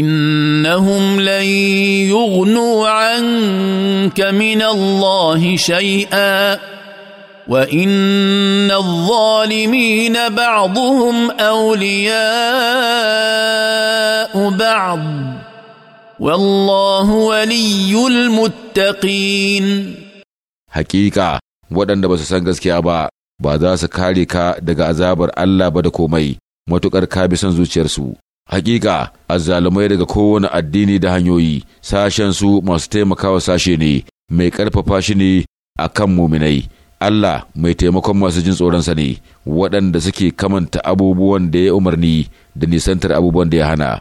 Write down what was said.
انهم لن يغنوا عنك من الله شيئا وان الظالمين بعضهم اولياء بعض والله ولي المتقين حقيقه waɗanda ba su san gaskiya ba ba za su kare ka daga azabar Allah ba da komai matuƙar ka bi son zuciyarsu Hakika, azzalumai daga kowane addini da hanyoyi, sashen su masu taimakawa sashe ne, mai ƙarfafa shi ne a kan muminai. Allah mai taimakon masu jin tsoronsa ne, waɗanda suke kamanta abubuwan da ya umarni da nisantar abubuwan da ya hana.